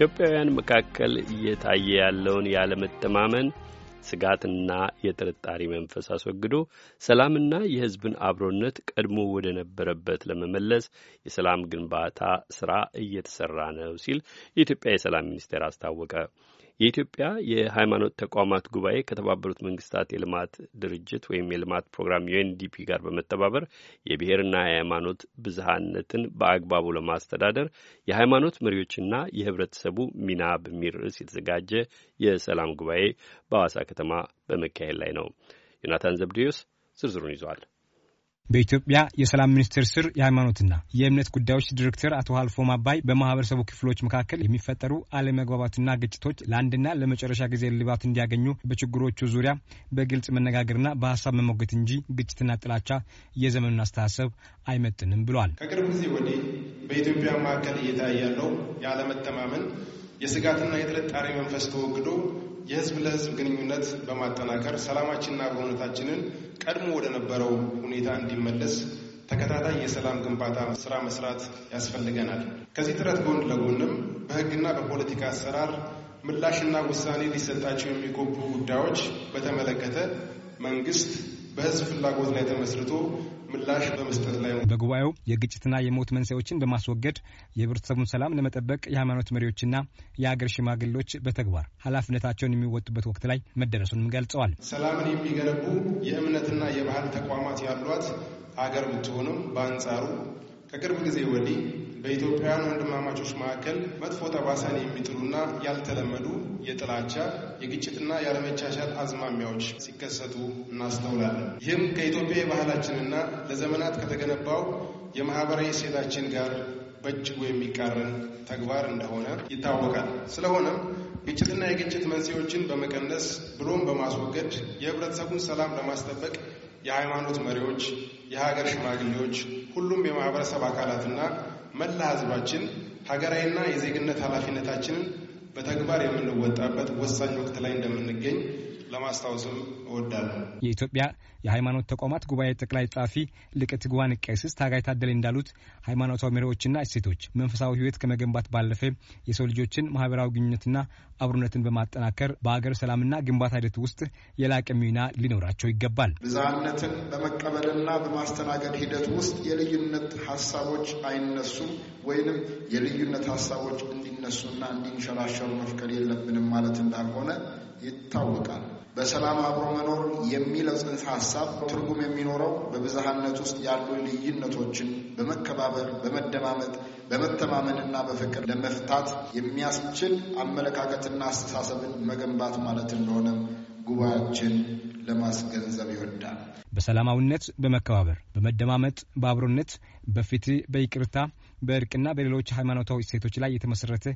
በኢትዮጵያውያን መካከል እየታየ ያለውን ያለመተማመን ስጋትና የጥርጣሬ መንፈስ አስወግዶ ሰላምና የሕዝብን አብሮነት ቀድሞ ወደ ነበረበት ለመመለስ የሰላም ግንባታ ስራ እየተሰራ ነው ሲል የኢትዮጵያ የሰላም ሚኒስቴር አስታወቀ። የኢትዮጵያ የሃይማኖት ተቋማት ጉባኤ ከተባበሩት መንግስታት የልማት ድርጅት ወይም የልማት ፕሮግራም ዩኤንዲፒ ጋር በመተባበር የብሔርና የሃይማኖት ብዝሃነትን በአግባቡ ለማስተዳደር የሃይማኖት መሪዎችና የህብረተሰቡ ሚና በሚል ርዕስ የተዘጋጀ የሰላም ጉባኤ በአዋሳ ከተማ በመካሄድ ላይ ነው። ዮናታን ዘብዴዎስ ዝርዝሩን ይዟል። በኢትዮጵያ የሰላም ሚኒስቴር ስር የሃይማኖትና የእምነት ጉዳዮች ዲሬክተር አቶ ሀልፎ ማባይ በማህበረሰቡ ክፍሎች መካከል የሚፈጠሩ አለመግባባትና ግጭቶች ለአንድና ለመጨረሻ ጊዜ ልባት እንዲያገኙ በችግሮቹ ዙሪያ በግልጽ መነጋገርና በሀሳብ መሞገት እንጂ ግጭትና ጥላቻ የዘመኑን አስተሳሰብ አይመጥንም ብሏል። ከቅርብ ጊዜ ወዲህ በኢትዮጵያ መካከል እየታየ ያለው የአለመተማመን የስጋትና የጥርጣሬ መንፈስ ተወግዶ የህዝብ ለህዝብ ግንኙነት በማጠናከር ሰላማችንና አብሮነታችንን ቀድሞ ወደ ነበረው ሁኔታ እንዲመለስ ተከታታይ የሰላም ግንባታ ስራ መስራት ያስፈልገናል። ከዚህ ጥረት ጎን ለጎንም በህግና በፖለቲካ አሰራር ምላሽና ውሳኔ ሊሰጣቸው የሚገቡ ጉዳዮች በተመለከተ መንግስት በህዝብ ፍላጎት ላይ ተመስርቶ ምላሽ በመስጠት ላይ ነው። በጉባኤው የግጭትና የሞት መንስኤዎችን በማስወገድ የህብረተሰቡን ሰላም ለመጠበቅ የሃይማኖት መሪዎችና የአገር ሽማግሌዎች በተግባር ኃላፊነታቸውን የሚወጡበት ወቅት ላይ መደረሱንም ገልጸዋል። ሰላምን የሚገነቡ የእምነትና የባህል ተቋማት ያሏት አገር ብትሆንም በአንጻሩ ከቅርብ ጊዜ ወዲህ በኢትዮጵያውያን ወንድማማቾች መካከል መጥፎ ጠባሳን የሚጥሉና ያልተለመዱ የጥላቻ የግጭትና ያለመቻቻል አዝማሚያዎች ሲከሰቱ እናስተውላለን። ይህም ከኢትዮጵያ የባህላችንና ለዘመናት ከተገነባው የማህበራዊ እሴታችን ጋር በእጅጉ የሚቃረን ተግባር እንደሆነ ይታወቃል። ስለሆነም ግጭትና የግጭት መንስኤዎችን በመቀነስ ብሎም በማስወገድ የህብረተሰቡን ሰላም ለማስጠበቅ የሃይማኖት መሪዎች፣ የሀገር ሽማግሌዎች፣ ሁሉም የማህበረሰብ አካላትና መላ ህዝባችን ሀገራዊና የዜግነት ኃላፊነታችንን በተግባር የምንወጣበት ወሳኝ ወቅት ላይ እንደምንገኝ ለማስታወስም እወዳለሁ። የኢትዮጵያ የሃይማኖት ተቋማት ጉባኤ ጠቅላይ ጸሐፊ ሊቀ ትጉሃን ቀሲስ ታጋይ ታደለ እንዳሉት ሃይማኖታዊ መሪዎችና እሴቶች መንፈሳዊ ሕይወት ከመገንባት ባለፈ የሰው ልጆችን ማህበራዊ ግንኙነትና አብሮነትን በማጠናከር በአገር ሰላምና ግንባታ ሂደት ውስጥ የላቀ ሚና ሊኖራቸው ይገባል። ብዝሃነትን በመቀበልና በማስተናገድ ሂደት ውስጥ የልዩነት ሀሳቦች አይነሱም ወይንም የልዩነት ሀሳቦች እንዲነሱና እንዲንሸራሸሩ መፍቀድ የለብንም ማለት እንዳልሆነ ይታወቃል። በሰላም አብሮ መኖር የሚለው ጽንሰ ሀሳብ ትርጉም የሚኖረው በብዝሃነት ውስጥ ያሉ ልዩነቶችን በመከባበር፣ በመደማመጥ፣ በመተማመንና በፍቅር ለመፍታት የሚያስችል አመለካከትና አስተሳሰብን መገንባት ማለት እንደሆነ ጉባኤያችን ለማስገንዘብ ይወዳል። በሰላማዊነት፣ በመከባበር፣ በመደማመጥ፣ በአብሮነት፣ በፍትህ፣ በይቅርታ በእርቅና በሌሎች ሃይማኖታዊ እሴቶች ላይ የተመሰረተ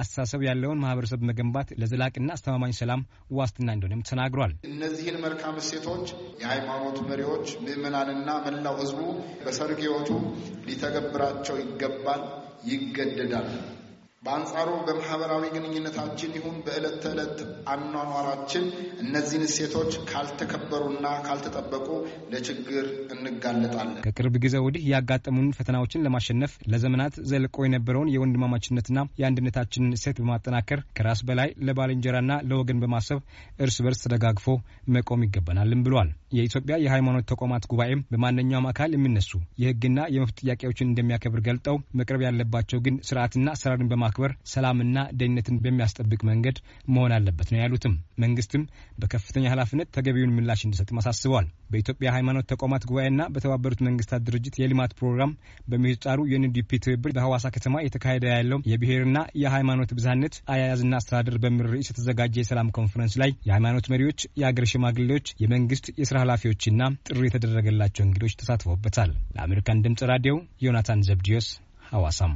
አስተሳሰብ ያለውን ማህበረሰብ መገንባት ለዘላቅና አስተማማኝ ሰላም ዋስትና እንደሆነም ተናግሯል። እነዚህን መልካም እሴቶች የሃይማኖት መሪዎች፣ ምዕመናንና መላው ህዝቡ በሰርግ ህይወቱ ሊተገብራቸው ይገባል፣ ይገደዳል። በአንጻሩ በማህበራዊ ግንኙነታችን ይሁን በዕለት ተዕለት አኗኗራችን እነዚህን እሴቶች ካልተከበሩና ካልተጠበቁ ለችግር እንጋለጣለን። ከቅርብ ጊዜ ወዲህ ያጋጠሙን ፈተናዎችን ለማሸነፍ ለዘመናት ዘልቆ የነበረውን የወንድማማችነትና የአንድነታችንን እሴት በማጠናከር ከራስ በላይ ለባልንጀራና ለወገን በማሰብ እርስ በርስ ተደጋግፎ መቆም ይገባናልም ብሏል። የኢትዮጵያ የሃይማኖት ተቋማት ጉባኤም በማንኛውም አካል የሚነሱ የህግና የመብት ጥያቄዎችን እንደሚያከብር ገልጠው መቅረብ ያለባቸው ግን ስርዓትና አሰራርን በማ ማክበር ሰላምና ደህንነትን በሚያስጠብቅ መንገድ መሆን አለበት ነው ያሉትም። መንግስትም በከፍተኛ ኃላፊነት ተገቢውን ምላሽ እንዲሰጥም አሳስበዋል። በኢትዮጵያ ሃይማኖት ተቋማት ጉባኤና በተባበሩት መንግስታት ድርጅት የልማት ፕሮግራም በምህጻሩ የዩኤንዲፒ ትብብር በሐዋሳ ከተማ የተካሄደ ያለው የብሔርና የሃይማኖት ብዝሃነት አያያዝና አስተዳደር በሚል ርዕስ የተዘጋጀ የሰላም ኮንፈረንስ ላይ የሃይማኖት መሪዎች፣ የአገር ሽማግሌዎች፣ የመንግስት የስራ ኃላፊዎችና ጥሪ የተደረገላቸው እንግዶች ተሳትፈውበታል። ለአሜሪካን ድምጽ ራዲዮ ዮናታን ዘብዲዮስ ሐዋሳም